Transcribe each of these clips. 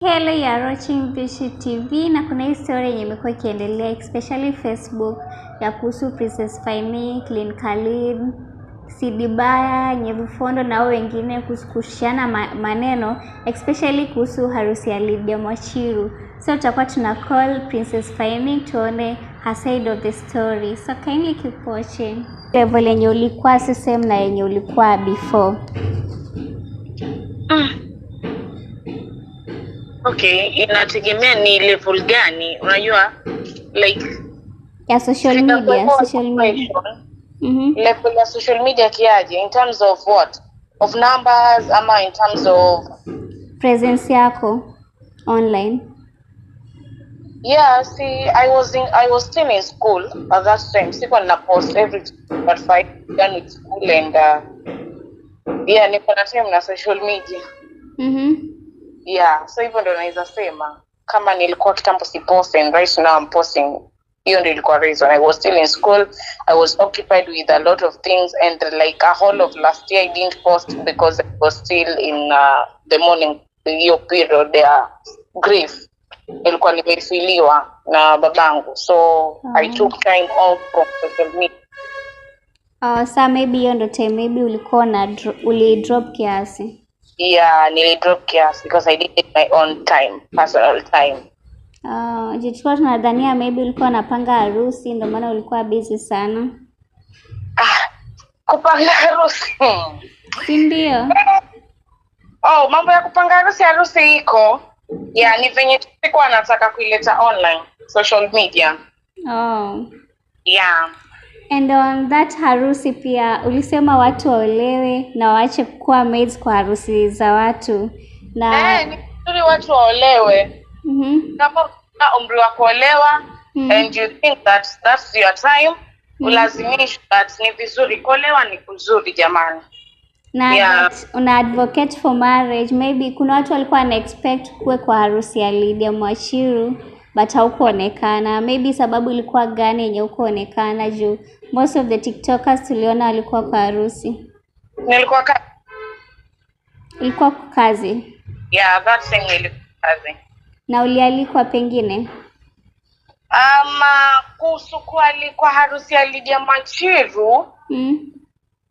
Hello ya Rochi Bishi TV na kuna hii story yenye imekuwa ikiendelea especially Facebook ya kuhusu Princess Faini, Clean Khalid, Sidibaya, Nyevufondo na wao wengine kushiana maneno especially kuhusu harusi ya Lydia Mwachiru. So tutakuwa tuna call Princess Faini tuone her side of the story. So kindly keep watching. Level yenye ulikuwa si same na yenye ulikuwa before. Ah. Okay, inategemea ni level gani, unajua like ya social media, social media. Mm -hmm. Level ya social media kiaje, in terms of what of numbers ama in terms of presence yako online yeah see i was in i was still in school at that time sikuwa na post every but five done with school and uh, yeah niko na time na social media mm -hmm yeah so hivyo ndo naweza sema kama nilikuwa kitambo si posting right now I'm posting hiyo ndo ilikuwa reason i was still in school i was occupied with a lot of things and like a whole of last year i didn't post because i was still in uh, the morning hiyo period ya grief ilikuwa nimefiliwa na babangu so mm. i took time off from social media uh, saa maybe hiyo ndo time maybe ulikuwa na dro- ulidrop kiasi yeah, nilidrop kiasi because I did it my own time, personal time. Uh, ah, tulikuwa tunadhania maybe ulikuwa unapanga harusi ndio maana ulikuwa busy sana. Ah, kupanga harusi. Si ndio? Oh, mambo ya kupanga harusi harusi iko. Yeah, ni venye tulikuwa nataka kuileta online, social media. Oh. Yeah. And on that harusi pia ulisema watu waolewe na waache kuwa maids kwa harusi za watu na eh, ni vizuri watu waolewe mm -hmm. kama na umri wa kuolewa mm -hmm. and you think that that's your time mm -hmm. ulazimishwa but ni vizuri kuolewa ni kuzuri jamani na yeah. una advocate for marriage maybe kuna watu walikuwa wana expect kuwe kwa harusi ya Lydia Mwashiru but haukuonekana maybe sababu ilikuwa gani yenye hukuonekana juu most of the tiktokers tuliona alikuwa kwa harusi. Nilikuwa ka... ilikuwa kwa kazi. Yeah, that same ilikuwa kazi. Na ulialikwa pengine? Ama um, kuhusu kualikwa harusi ya Lydia Machiru mm.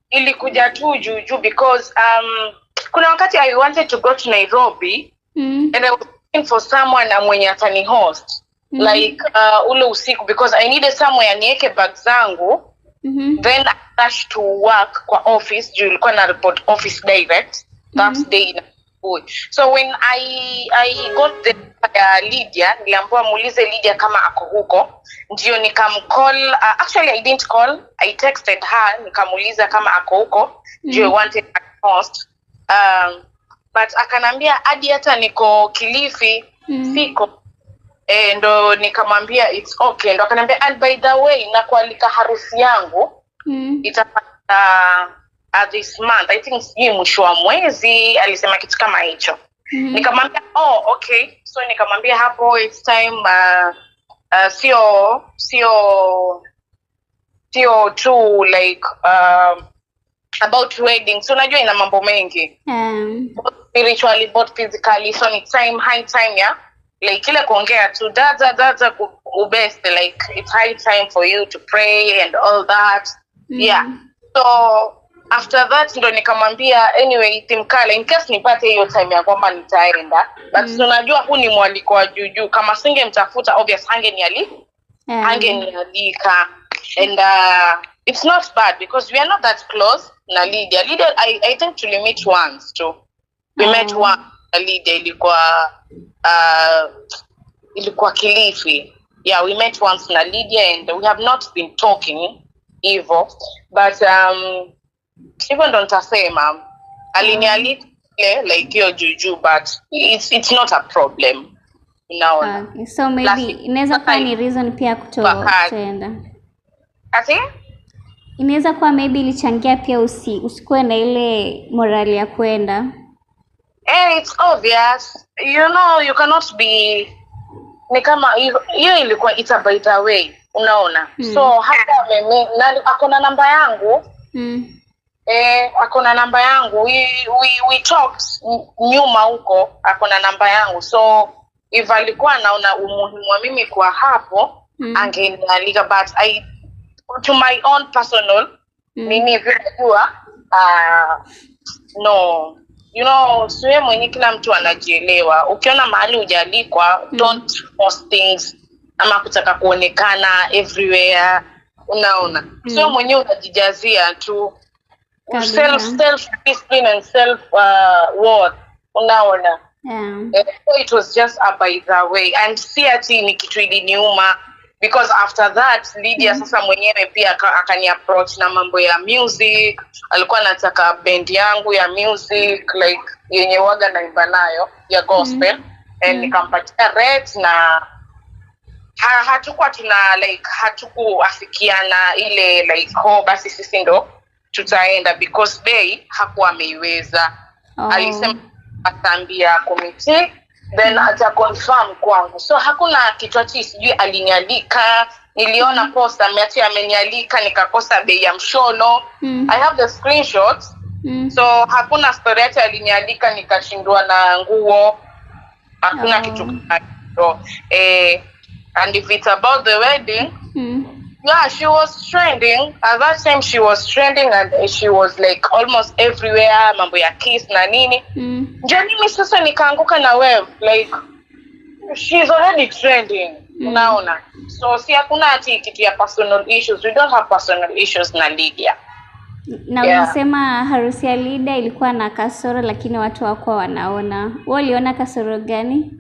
ilikuja tu juu juu because um, kuna wakati I wanted to go to Nairobi mm. and I was looking for someone na mwenye atani host mm -hmm. like uh, ule usiku because i needed somewhere niweke bag zangu mm -hmm. then I rush to work kwa office juu ilikuwa na report office direct that mm -hmm. day na so when i i got the ya uh, lydia niliambua muulize lydia kama ako huko ndio nikamcall uh, actually i didn't call i texted her nikamuuliza kama ako huko ndio mm -hmm. wanted post um, but akanambia hadi hata niko kilifi mm -hmm. siko e, ndo nikamwambia it's okay, ndo akaniambia and by the way na kualika harusi yangu mm. itafanyika uh, this month I think sijui mwisho wa mwezi, alisema kitu kama hicho mm. nikamwambia oh, okay so nikamwambia hapo it's time uh, uh, sio sio sio tu like uh, about wedding so unajua ina mambo mengi mm. both spiritually both physically so ni time high time ya yeah? like ile kuongea tu dada dada ubest like it's high time for you to pray and all that mm. yeah so after that ndo nikamwambia anyway timkale in case nipate hiyo time ya kwamba nitaenda but mm. unajua huu ni mwaliko wa juujuu kama singe mtafuta obvious hangeniali mm. Eh. hangenialika and uh, it's not bad because we are not that close na lydia lydia i, I think tulimeet once to we mm. met once Alida ilikuwa uh, ilikuwa Kilifi. Yeah, we met once na Lydia and we have not been talking hivyo but um, hivyo ndo nitasema alinialika like hiyo juju, but it's, it's not a problem unaona. Okay. Ah, so maybe inaweza kuwa ni reason pia kutoenda ati inaweza kuwa maybe ilichangia pia usi, usikuwe na ile morali ya kwenda Eh, it's obvious. You know, you cannot be ni kama hiyo ilikuwa the way unaona mm. So hata mimi ako namba yangu mm. Eh, akona namba yangu we, we, we talked nyuma huko, akona namba yangu so if alikuwa anaona umuhimu wa mimi kwa hapo mm. angenialika but I, to my own personal mm. mimi vile najua uh, no you know, siwe mwenye kila mtu anajielewa. Ukiona mahali hujalikwa mm. don't post things ama kutaka kuonekana everywhere, unaona mm. siwe mwenye unajijazia tu self self discipline and self uh, worth, unaona yeah. Eh, so it was just a by the way and si ati ni kitu iliniuma because after that Lydia mm -hmm. sasa mwenyewe pia akani approach na mambo ya music alikuwa anataka bendi yangu ya music like yenye waga naimba nayo ya gospel mm -hmm. and mm-hmm. nikampatia rate na ha, hatukuwa tuna like hatukuafikiana ile like oh, basi sisi ndo tutaenda because bei hakuwa ameiweza oh. alisema atambia komiti then ataconfirm kwangu so hakuna kitwachi sijui alinialika niliona mhm. posta ameati amenialika nikakosa bei ya mshono mm. i have the screenshot mm. so hakuna story ati alinialika nikashindwa na nguo hakuna oh. kitu so, eh, and if it's about the wedding mm yeah she was trending at that time she was trending and she was like almost everywhere mambo ya kiss na nini mm. ndio mimi sasa nikaanguka na web like she's already trending mm. unaona so si hakuna hati kitu ya personal issues we don't have personal issues na Lydia na yeah. unasema harusi ya Lida ilikuwa na kasoro lakini watu hawakuwa wanaona. Wewe uliona kasoro gani?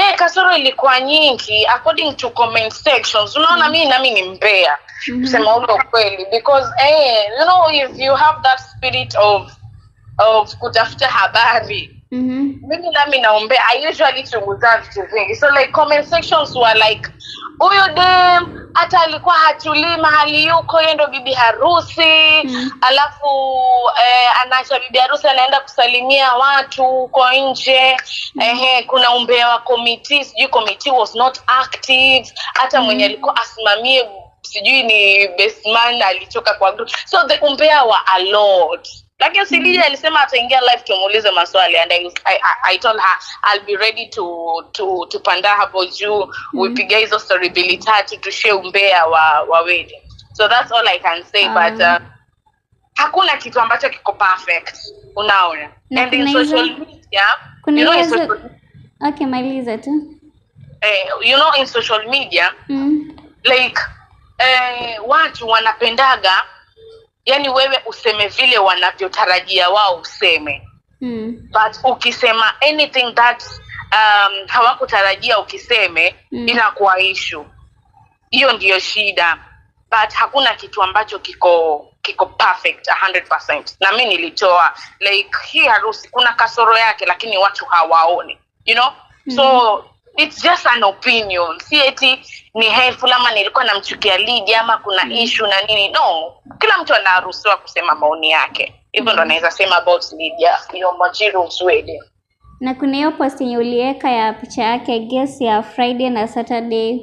eh, kasoro ilikuwa nyingi according to comment sections unaona mm. mi nami ni mbea mm kusema ulo kweli because eh, you know if you have that spirit of of kutafuta habari Mm-hmm. Mimi nami naombea. I usually chunguza vitu vingi, so like comment sections were like dem hata alikuwa hatulii mahali yuko, ye ndo bibi harusi mm. Alafu eh, anaacha bibi harusi anaenda kusalimia watu huko nje mm. Eh, kuna umbea wa komiti sijui committee was not active hata mm. mwenye alikuwa asimamie sijui ni besman alitoka kwa group, so the umbea wa a lot lakini Silija alisema ataingia live tumuulize maswali and I, I, I told her I'll be ready to to tupanda hapo juu mm-hmm. uipiga hizo story bili tatu tushe umbea wa, wa wedding so that's all I can say um. but uh, hakuna kitu ambacho kiko perfect unaona and in social media kuna you know social... okay maliza tu eh, you know in social media mm. like eh, watu wanapendaga yani wewe useme vile wanavyotarajia wao useme mm. but ukisema anything that um, hawakutarajia ukiseme mm. inakuwa ishu hiyo ndiyo shida but hakuna kitu ambacho kiko kiko perfect 100%. na mi nilitoa like hii harusi kuna kasoro yake lakini watu hawaoni you know mm. so hmm it's just an opinion, si eti ni helpful ama nilikuwa namchukia lidi ama kuna mm. issue na nini. No, kila mtu anaruhusiwa kusema maoni yake, hivyo ndo anaweza mm. sema about Lydia Yomajiru Mzwede. Na kuna hiyo post yenye uliweka ya picha yake guess ya Friday na Saturday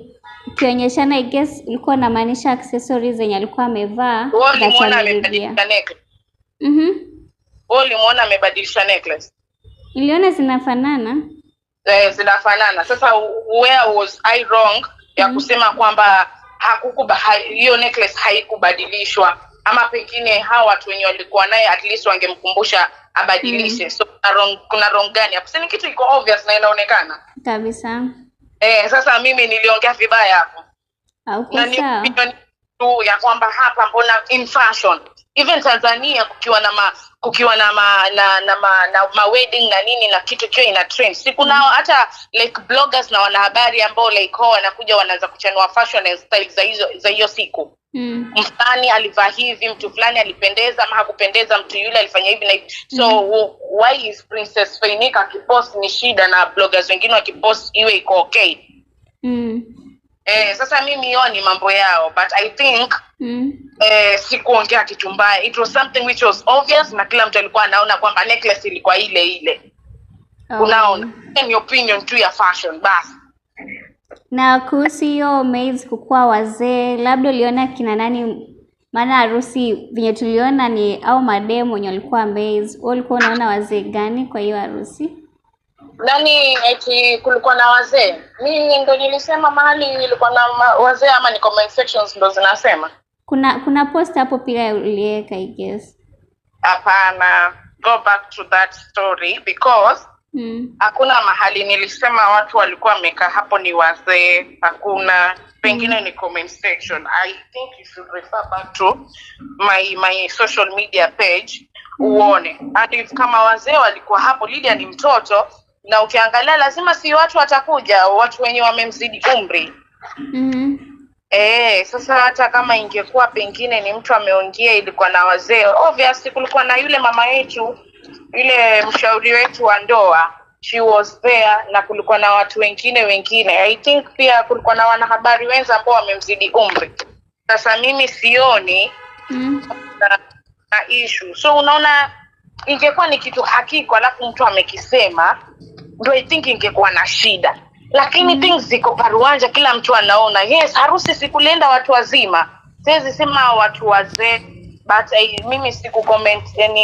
ukionyeshana, I guess ilikuwa inamaanisha accessories zenye alikuwa amevaa. Wewe ulimuona amebadilisha necklace? Mhm. Wewe ulimuona amebadilisha necklace? Niliona zinafanana eh, zinafanana. Sasa where was I wrong ya mm-hmm. kusema kwamba hiyo necklace haikubadilishwa ama pengine hawa watu wenye walikuwa naye at least wangemkumbusha abadilishe. mm. So kuna wrong, kuna wrong gani hapo? Si ni kitu iko obvious na inaonekana kabisa. Eh, sasa mimi niliongea vibaya hapo tu ya kwamba hapa mbona in fashion even Tanzania kukiwa na ma kukiwa na ma, na na, ma, na ma wedding na nini na kitu kio ina trend si kunao mm-hmm. mm. hata like bloggers na wanahabari ambao like hao wanakuja wanaanza kuchanua fashion and style za hizo za hiyo siku mm. fulani alivaa hivi mtu fulani alipendeza ama hakupendeza mtu yule alifanya hivi na hivi so mm. why is princess feinika akipost ni shida na bloggers wengine wakipost iwe iko okay mm eh, sasa hiyo ni mambo yao but i think mm. eh, sikuongea kitu mbaya it was something which was obvious na kila mtu alikuwa anaona kwamba necklace ilikuwa ile ile oh. unaona ni opinion tu ya fashion basi na kuhusu hiyo maids kukuwa wazee labda uliona kina nani maana harusi venye tuliona ni au mademu wenye walikuwa maids ulikuwa unaona wazee gani kwa hiyo harusi nani eti kulikuwa na wazee mimi ndo nilisema mahali ilikuwa na wazee ama ni comment sections ndo zinasema kuna kuna post hapo pia uliweka i guess hapana go back to that story because hmm. hakuna mm. mahali nilisema watu walikuwa wamekaa hapo ni wazee hakuna pengine mm. ni comment section i think you should refer back to my my social media page uone and if kama wazee walikuwa hapo lilia ni mtoto na ukiangalia lazima si watu watakuja watu wenye wamemzidi umri mm -hmm. E, sasa hata kama ingekuwa pengine ni mtu ameongea ilikuwa na wazee obviously, kulikuwa na yule mama yetu yule mshauri wetu wa ndoa she was there, na kulikuwa na watu wengine wengine, I think pia kulikuwa na wanahabari wenza ambao wamemzidi umri. Sasa mimi sioni mm. na, na issue so unaona, ingekuwa ni kitu hakiko alafu mtu amekisema ndo I think ingekuwa na shida lakini mm. things ziko paruanja kila mtu anaona yes harusi sikulienda watu wazima siwezi sema watu wazee but uh, mimi siku comment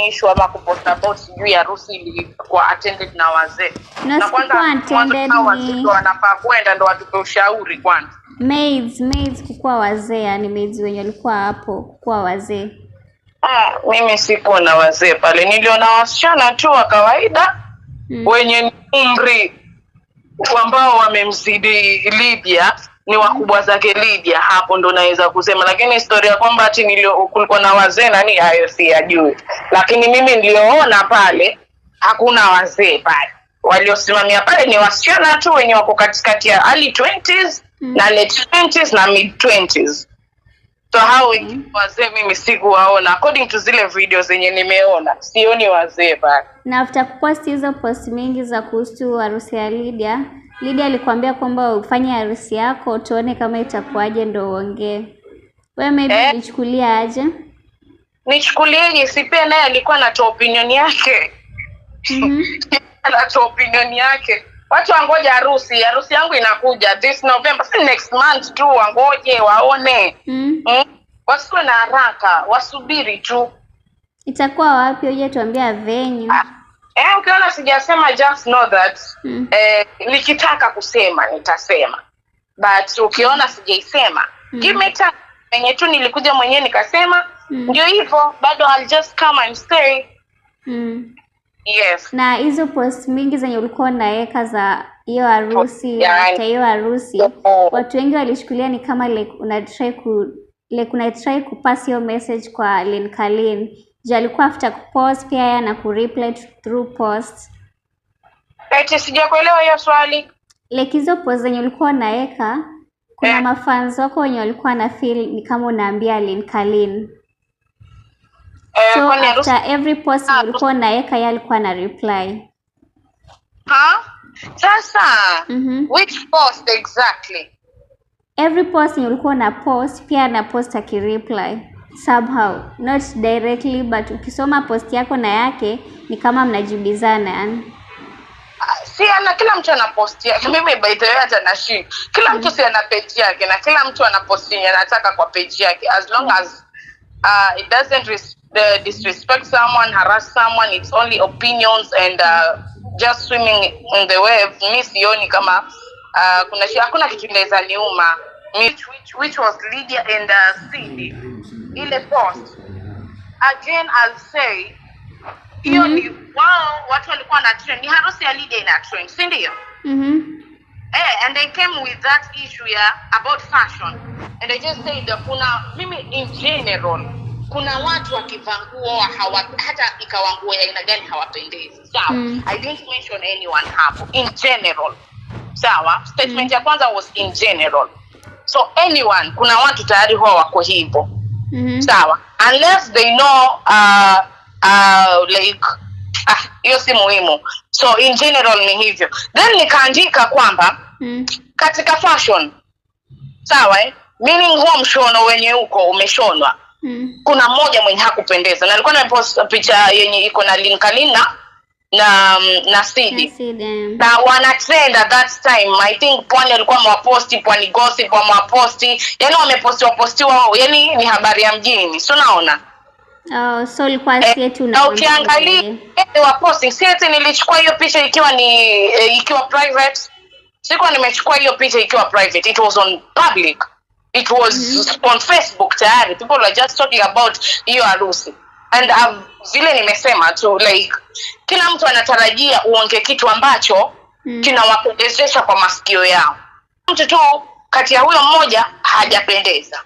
issue ama kupost sijui harusi ilikuwa attended na wazee na, na wanafaa kwenda ndo watupe ushauri kwanza maids maids kukuwa wazee yani maids wenye walikuwa hapo kukuwa wazee ah, mimi sikuona wazee pale niliona wasichana tu wa kawaida mm. wenye umri ambao wamemzidi Libya ni wakubwa zake Libya, hapo ndo naweza kusema, lakini historia kwamba ati kulikuwa na wazee nani, hayo si siyajui, lakini mimi niliyoona pale hakuna wazee pale. Waliosimamia pale ni wasichana tu wenye wako katikati ya early 20s mm. na late 20s na mid 20s so hao wengine mm. wazee mimi sikuwaona according to zile video zenye nimeona sioni wazee bana na after kupost hizo post mingi za kuhusu harusi ya lidia lidia alikwambia kwamba ufanye harusi yako tuone kama itakuaje ndo uongee we maybe eh, ulichukulia aje nichukulieje si pia naye alikuwa natoa opinion yake mm-hmm. anatoa opinion yake watu wangoje harusi, harusi yangu inakuja this November, si next month tu, wangoje waone mm. Mm. Wasiwe na haraka, wasubiri tu. Itakuwa wapi? Uje tuambia venue. Ah, eh, ukiona sijasema just know that mm. Eh, nikitaka kusema nitasema but ukiona hmm. sijaisema mm. give me time enye tu nilikuja mwenyewe nikasema mm. ndio hivyo bado I'll just come and stay mm. Yes. Na hizo post mingi zenye ulikuwa unaweka za hiyo harusi hata hiyo harusi watu wengi walishukulia ni kama like try ku like ku pass hiyo message kwa Kalin. Je, alikuwa after post pia yeye na reply through post? Eti sijakuelewa hiyo swali. Like hizo post zenye ulikuwa unaweka kuna yeah, mafans wako wenye walikuwa na feel ni kama unaambia Linkalin Eh, so uh, after every post ah, nilikuwa naweka yeye alikuwa na reply ha sasa mm -hmm. which post exactly every post nilikuwa na post pia na post akireply somehow not directly but ukisoma post yako na yake ni kama mnajibizana yani ah, si ana kila mtu ana post yake mimi by the way hata na shi kila mtu si ana page yake na kila mtu ana post yake anataka kwa page yake as long as uh, it doesn't the disrespect someone, harass someone, it's only opinions and uh, just swimming in the wave. Mi sioni kama uh, kuna shida, hakuna kitu inaweza niuma which, which, which was Lydia and uh, Cindy ile post again I'll say hiyo mm -hmm. ni mm-hmm. wao watu walikuwa na trend, ni harusi ya Lydia ina trend, si ndio? mm -hmm. Eh, and they came with that issue ya about fashion and I just said kuna mimi in general kuna watu wakivaa nguo hawa, hata ikawa nguo ya aina gani hawapendezi sawa so, mm. i didn't mention anyone hapo in general sawa so, statement mm. ya kwanza was in general so anyone kuna watu tayari huwa wako hivyo mm-hmm. sawa so, unless they know uh, uh, like ah, hiyo ah, si muhimu so in general ni hivyo then nikaandika kwamba mm. katika fashion sawa eh? meaning huo mshono wenye huko umeshonwa mm. kuna mmoja mwenye hakupendeza na alikuwa napost picha yenye iko na linkalina na mm, na sidi na at that time i think pwani walikuwa mwaposti pwani gossip wamwaposti yani wamepostiwa postiwa yani ni habari ya mjini si unaona Oh, so eh, ukiangalia eh, wa posting sieti nilichukua hiyo picha ikiwa ni eh, ikiwa private sikuwa nimechukua hiyo picha ikiwa private it was on public it was mm-hmm. on facebook tayari people are just talking about hiyo harusi and um, vile nimesema tu like kila mtu anatarajia uonge kitu ambacho mm. kinawapendezesha kwa masikio yao mtu tu kati ya huyo mmoja hajapendeza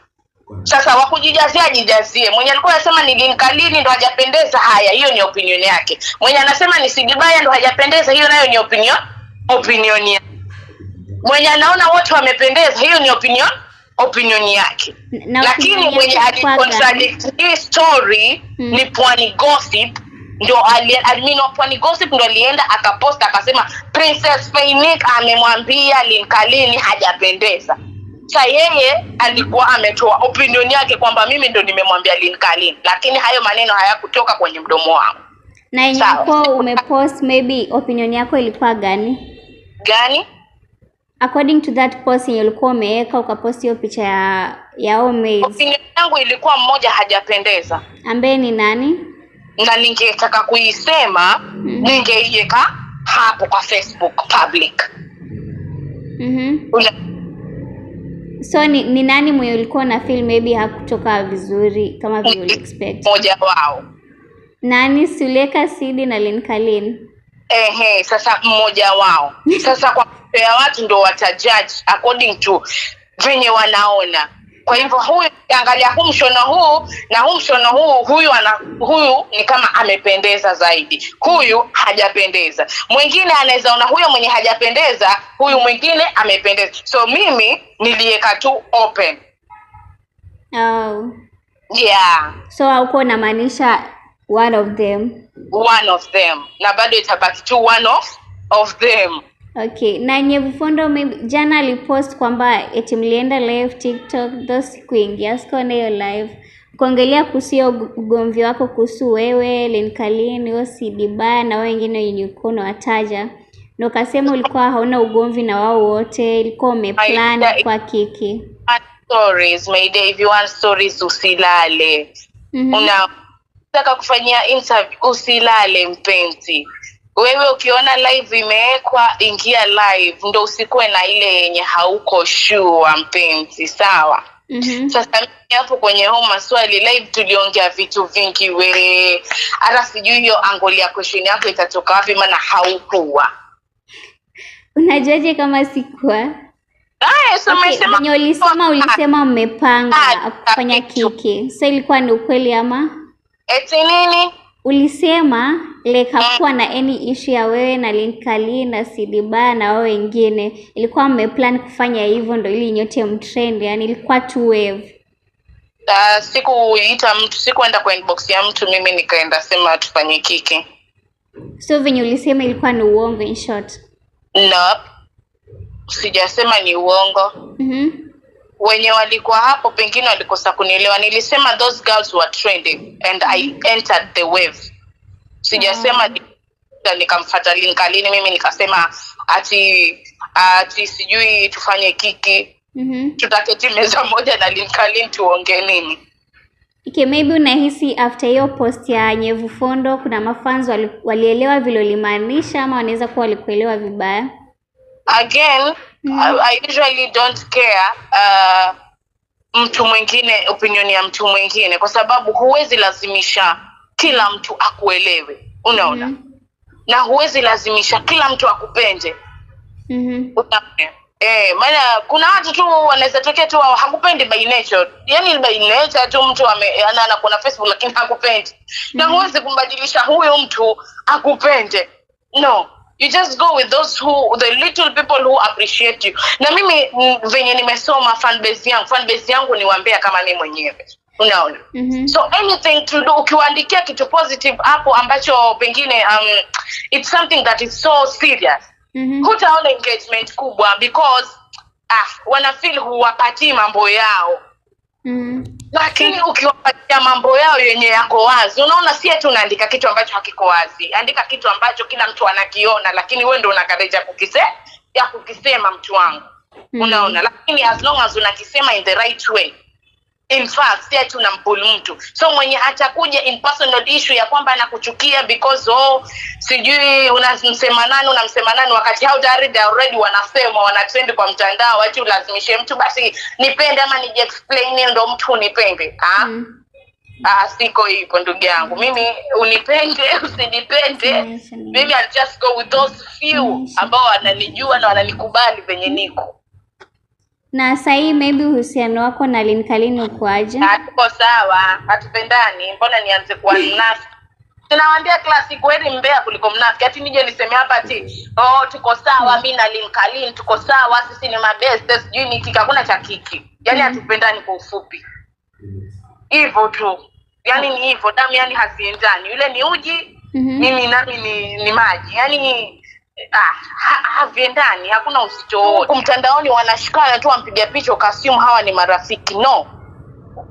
sasa wakujijazia ajijazie mwenye alikuwa anasema ni linkalini ndo hajapendeza haya hiyo ni opinion yake mwenye anasema ni sigibaya ndo hajapendeza hiyo nayo ni opinion opinion mwenye anaona wote wamependeza hiyo ni opinion opinion yake na lakini mwenye alicontradict hii story hmm. ni pwani gossip ndio admin pwani gossip ndo alienda akaposta akasema princess feinik amemwambia linkalini hajapendeza sa yeye alikuwa ametoa opinion yake kwamba mimi ndo nimemwambia linkalini lakini hayo maneno hayakutoka kwenye mdomo wangu na yenye umepost maybe opinion yako ilikuwa gani gani according to that post yenye ulikuwa umeweka ukaposti hiyo picha ya ya Homemade. yangu ilikuwa mmoja hajapendeza, ambaye ni nani? Na ningetaka kuisema mm-hmm. Ningeiweka hapo kwa Facebook public mm-hmm. Ula... so ni, ni nani mwenye ulikuwa na feel maybe hakutoka vizuri kama vile uli expect? Mmoja wao nani? Suleka Sidi na Linkalin. Ehe, sasa mmoja wao sasa kwa ya watu ndo watajaji according to venye wanaona kwa hivyo huyu angalia huu mshono huu na huu mshono huu huyu ana, huyu ni kama amependeza zaidi huyu hajapendeza mwingine anaweza ona huyo mwenye hajapendeza huyu mwingine amependeza so mimi niliweka tu open oh. yeah so haukuwa unamaanisha one of them one of them na bado itabaki tu one of, of them Okay, na Nyevufondo maybe jana alipost kwamba eti mlienda live TikTok those kuingia sikuona hiyo live kuongelea kuhusu hiyo ugomvi wako kuhusu wewe Lenkalin Osidibaya na wao wengine wenye ulikuwa unawataja, na ukasema ulikuwa hauna ugomvi na wao wote, ilikuwa umeplan kwa kiki stories maybe if you want stories, usilale mm -hmm. unataka kufanyia interview usilale mpenzi wewe ukiona live imewekwa ingia live ndo usikuwe na ile yenye hauko sure mpenzi sawa mm-hmm. sasa mimi hapo kwenye huu maswali live tuliongea vitu vingi we hata sijui hiyo angoli ya question yako itatoka wapi maana haukuwa unajuaje kama sikuwa wenye ulisema ulisema mmepanga ah, kufanya kiki so ilikuwa ni ukweli ama eti nini Ulisema lekakuwa na eni ishi ya wewe na Linkali na Sidiba na wao wengine, ilikuwa mmeplan kufanya hivyo ndo ili nyote mtrend, yani ilikuwa tu wave. Uh, sikuita mtu, sikuenda kwa inbox ya mtu, mimi nikaenda sema tufanye kiki. So venye ulisema ilikuwa ni uongo, in short? No, sijasema ni uongo. mm -hmm wenye walikuwa hapo pengine walikosa kunielewa nilisema those girls were trending and i entered the wave sijasema mm. nikamfata linkalini mimi nikasema ati ati sijui tufanye kiki mm-hmm. tutaketi meza moja na linkalin tuongee nini Okay, maybe unahisi after hiyo post ya nyevu fondo kuna mafanzo walielewa vile ulimaanisha ama wanaweza kuwa walikuelewa vibaya again Mm. I usually don't care uh, mtu mwingine opinion ya mtu mwingine, kwa sababu huwezi lazimisha kila mtu akuelewe, unaona mm -hmm. na huwezi lazimisha kila mtu akupende mm -hmm. eh, maana kuna watu tu wanaweza tokea tu hakupendi by nature, Yaani by nature tu mtu ana na Facebook lakini hakupendi mm -hmm. na mm-hmm. huwezi kumbadilisha huyo mtu akupende no you just go with those who the little people who appreciate you na mimi mm, venye nimesoma fanbase yangu fanbase yangu niwaambia kama mi mwenyewe unaona mm-hmm. so anything to do ukiwaandikia kitu positive hapo ambacho pengine um, it's something that is so serious mm-hmm. hutaona engagement kubwa because ah, wanafil huwapatii mambo yao Mm. Lakini ukiwapatia mambo yao yenye yako wazi, unaona si eti unaandika kitu ambacho hakiko wazi. Andika kitu ambacho kila mtu anakiona, lakini wewe ndio una ya kukise ya kukisema mtu wangu. Mm. Unaona, lakini as long as unakisema in the right way in fact pia tunampulu mtu so mwenye atakuja in personal issue ya kwamba anakuchukia because oh sijui unamsema nani unamsema nani wakati hao tayari they already wanasema wanatrend kwa mtandao ati ulazimishe mtu basi nipende ama nije explain ndo mtu unipende ah mm. Ah, siko hivyo ndugu yangu mm. mimi unipende usinipende mm. mimi I'll just go with those few mm. ambao wananijua na wananikubali venye niko na saa hii maybe uhusiano wako na linkalini ukoaje? Hatuko ah, sawa, hatupendani. Mbona nianze kuwa mnafiki? Tunawaambia classic kweli mbea kuliko mnafiki. Ati nije niseme hapa ati oh, tuko sawa mimi na linkalini tuko sawa, sisi ni mabest, sijui ni kiki, hakuna cha kiki. Yaani hatupendani kwa ufupi. Hivyo tu. Yaani ni hivyo, damu yani haziendani. Yule ni uji, mhm. mimi mm -hmm. nami ni, ni maji. Yaani Ah, haviendani, hakuna wote. Mtandaoni wanashikana tu, wampiga picha ukasimu hawa ni marafiki. No,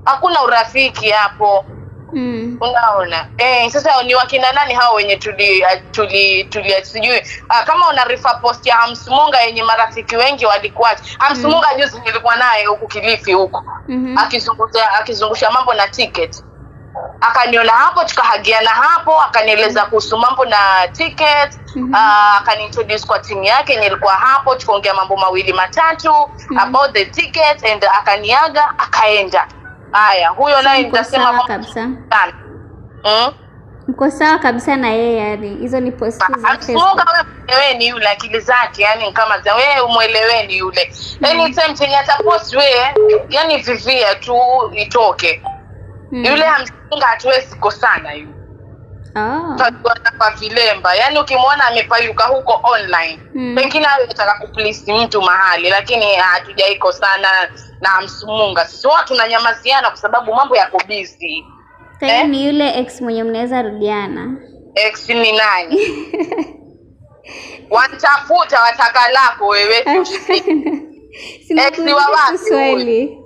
hakuna urafiki hapo. Mm. Unaona eh, sasa ni wakina nani hao wenye tuli ah, tuli tuli ah, sijui ah, kama una refer post ya Hamsumunga yenye marafiki wengi walikuwa Hamsumunga. Mm. Juzi nilikuwa naye huku Kilifi huko. Mm -hmm. Akizungusha akizungusha mambo na ticket akaniona hapo, tukahagiana hapo, akanieleza mm-hmm. kuhusu mambo na ticket mm-hmm. ah, akanintroduce mm -hmm. Uh, kwa timu yake yenye ilikuwa hapo, tukaongea mambo mawili matatu mm -hmm. about the ticket and akaniaga, akaenda. Haya, huyo naye nitasema kabisa mm? Mko sawa kabisa na yeye, yani hizo ni post ah, zake. Mweleweni yule akili zake, yani kama za wewe umweleweni yule. mm-hmm. Anytime chenye atapost wewe, yani vivia tu itoke mm. yule amsinga hatuwezi kosana yu ah. tajuana kwa vilemba, yaani ukimwona amepayuka huko online mm. pengine anataka kuplisi mtu mahali, lakini sana na amsumunga Sisi watu tunanyamaziana kwa sababu mambo yako busy. Eh? Ni yule ex mwenye mnaweza rudiana. Ex ni nani? Wantafuta wataka lako wewe. Sina swali.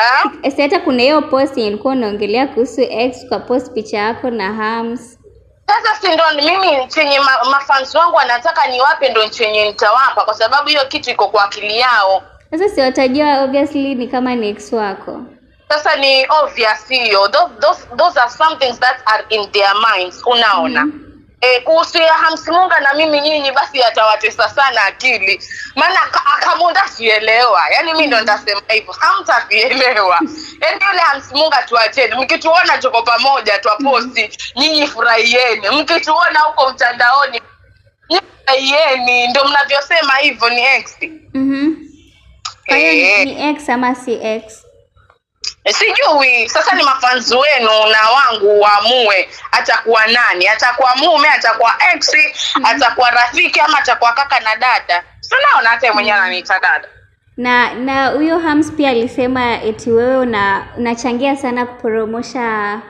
Uh, hata kuna hiyo post ilikuwa unaongelea kuhusu ex kwa post picha yako na Hams. Sasa si ndo mimi chenye ma, mafans wangu wanataka niwape, ndo chenye nitawapa, kwa sababu hiyo kitu iko kwa akili yao. Sasa si watajua obviously ni kama ni ex wako. Sasa ni obvious hiyo, those, those, those are some things that are in their minds, unaona mm -hmm. E, kuhusu ya hamsimunga na mimi nyinyi, basi yatawatesa sana akili, maana akamunda sielewa. Yani mi ndo nitasema hivyo, hamtavielewa. Yani yule hamsimunga tuacheni, mkituona tuko pamoja, twaposti nyinyi furahieni, mkituona huko mtandaoni furahieni, ndo mnavyosema hivyo. Ni ex mm -hmm. e, ni ex ama si ex Eh, sijui sasa ni mafanzi wenu na wangu waamue atakuwa nani atakuwa mume atakuwa ex mhm. atakuwa rafiki ama atakuwa kaka na dada sinaona hata mwenyewe mhm. ananiita dada na na huyo hams pia alisema eti wewe una unachangia sana kuporomosha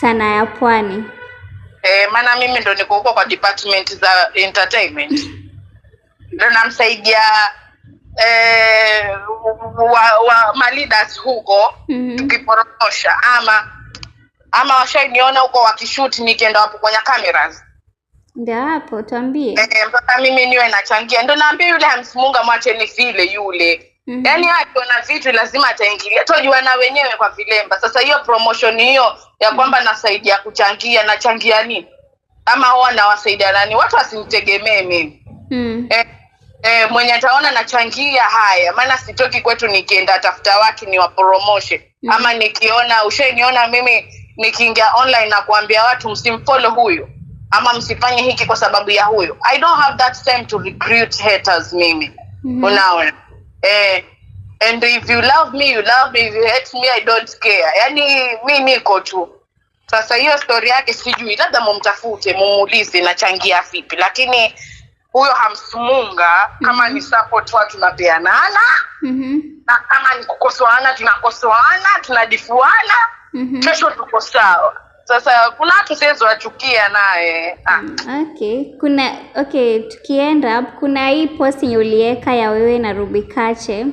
sana ya pwani e, maana mimi ndo niko huko kwa department za entertainment ndo namsaidia eh, wa, wa maleaders huko mm -hmm. tukiporosha ama ama washainiona huko wakishuti nikienda wapo kwenye cameras ndio hapo tuambie. Eh, mpaka mimi niwe nachangia, ndo naambia yule hamsimunga mwache ni vile yule mm -hmm. Yaani akiona vitu lazima ataingilia, tojua na wenyewe kwa vilemba. Sasa hiyo promotion hiyo ya mhm. kwamba nasaidia kuchangia, nachangia nini ama huwa nawasaidia nani? Watu wasinitegemee mimi mm E, mwenye ataona nachangia haya, maana sitoki kwetu nikienda tafuta waki ni waporomoshe mm. Ama nikiona ushaniona mimi nikiingia online na kuambia watu msimfollow huyu ama msifanye hiki kwa sababu ya huyu. I don't have that time to recruit haters mimi mm. Unaona eh, and if you love me you love me, if you hate me I don't care. Yani mi niko tu sasa. Hiyo story yake sijui, labda mumtafute mumuulize nachangia vipi, lakini huyo hamsumunga kama mm-hmm. ni support wa tunapeanana mm-hmm. na kama ni kukosoana tunakosoana tunadifuana mm-hmm. kesho tuko sawa sasa kuna watu siwezowachukia wachukia naye ah. Mm, okay kuna okay tukienda kuna hii post yenye ulieka ya wewe na rubikache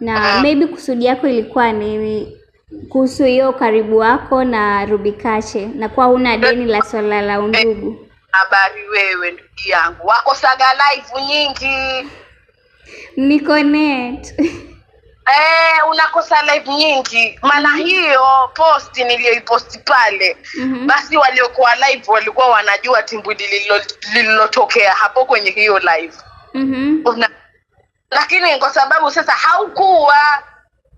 na mm maybe kusudi yako ilikuwa nini kuhusu hiyo ukaribu wako na rubikache na kuwa huna deni la eh, swala la undugu Habari wewe ndugu yangu, wako saga live nyingi niko net Eh, unakosa live nyingi maana mm -hmm. Hiyo posti niliyoiposti pale mm -hmm. Basi waliokuwa live walikuwa wanajua timbu lililotokea hapo kwenye hiyo live mm -hmm. Una, lakini kwa sababu sasa haukuwa,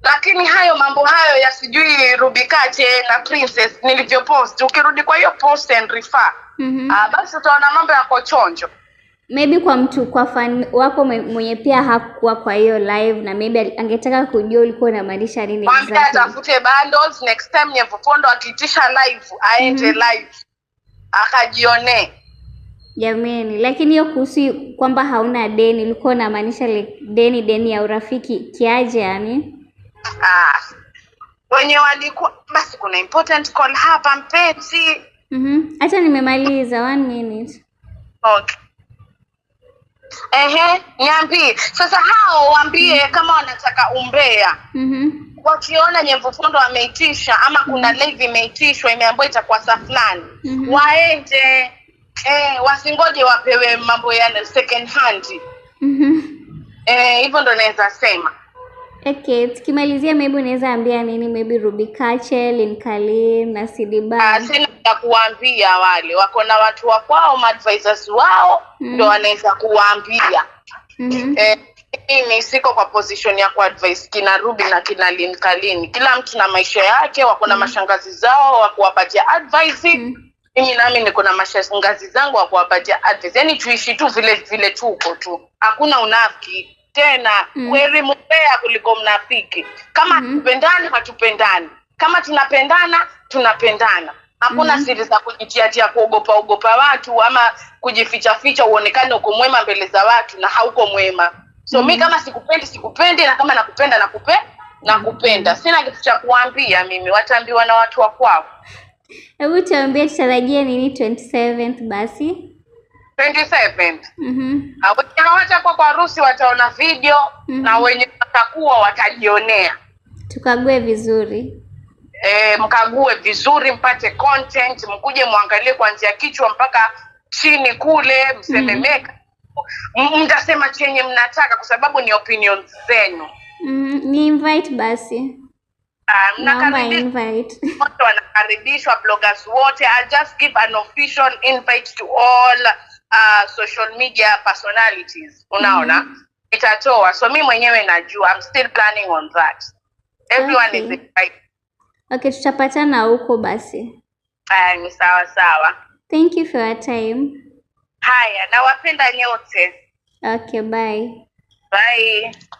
lakini hayo mambo hayo ya sijui rubikache na Princess nilivyopost, ukirudi kwa hiyo post and refer mm -hmm. basi utaona mambo yako chonjo maybe kwa mtu kwa fan wako mwenye pia hakuwa kwa hiyo live na maybe angetaka kujua ulikuwa unamaanisha nini exactly. Atafute bundles next time Nyevupondo akiitisha live aende mm -hmm. live akajionee jamani. Lakini hiyo kuhusu kwamba hauna deni, ulikuwa unamaanisha deni deni ya urafiki kiaje? Yani ah, wenye walikuwa basi, kuna important call hapa mpenzi Mhm. Hata nimemaliza one minute. Okay. Ehe, niambie sasa, hao waambie mm -hmm. kama wanataka umbea mm -hmm. wakiona fundo ameitisha ama kuna mm-hmm. live imeitishwa imeambiwa itakuwa saa fulani mm -hmm. waende eh, wasingoje wapewe mambo ya second hand. Mhm. Mm eh, hivyo ndo naweza sema. Okay, tukimalizia maybe unaweza ambia nini maybe Ruby Kache, Linkali na Sidiba. Ah, Sina ya kuambia, wale wako na watu wa kwao, advisors wao mm-hmm. ndio wanaweza mm-hmm. Eh, Mimi siko kwa position ya kuadvise kina Ruby na kina Linkalini. Kila mtu na maisha yake, wako na mm -hmm. mashangazi zao wa kuwapatia advice mm -hmm. Mimi nami niko na mashangazi zangu wa kuwapatia advice, yaani tuishi tu vile vile tuko tu, hakuna unafiki tena mm. kweli mbea kuliko mnafiki. Kama mm-hmm. hatupendani mm. hatupendani, kama tunapendana tunapendana. Hakuna mm. siri za kujitiatia, kuogopa ogopa watu ama kujificha ficha, uonekane uko mwema mbele za watu na hauko mwema. So mm. mi mm-hmm. kama sikupendi sikupendi, na kama nakupenda na nakupenda. Sina kitu cha kuambia mimi, wataambiwa na watu wa kwao. Hebu tuambie tutarajie nini 27 basi? 27 Mm -hmm. Wenye hawatakuwa kwa harusi wataona video mm -hmm. na wenye watakuwa watajionea. Tukague vizuri e, mkague vizuri mpate content, mkuje mwangalie kuanzia kichwa mpaka chini kule, msememeka mm -hmm. mtasema chenye mnataka kwa sababu ni opinion zenu. Mm, ni invite basi. Uh, ah, mnakaribishwa bloggers wote. I just give an official invite to all uh, social media personalities unaona mm. -hmm. itatoa so mi mwenyewe najua I'm still planning on that everyone okay. is excited. Okay, tutapatana huko basi. Haya, ni sawa sawa. Thank you for your time. Haya, nawapenda nyote. Okay, bye. Bye.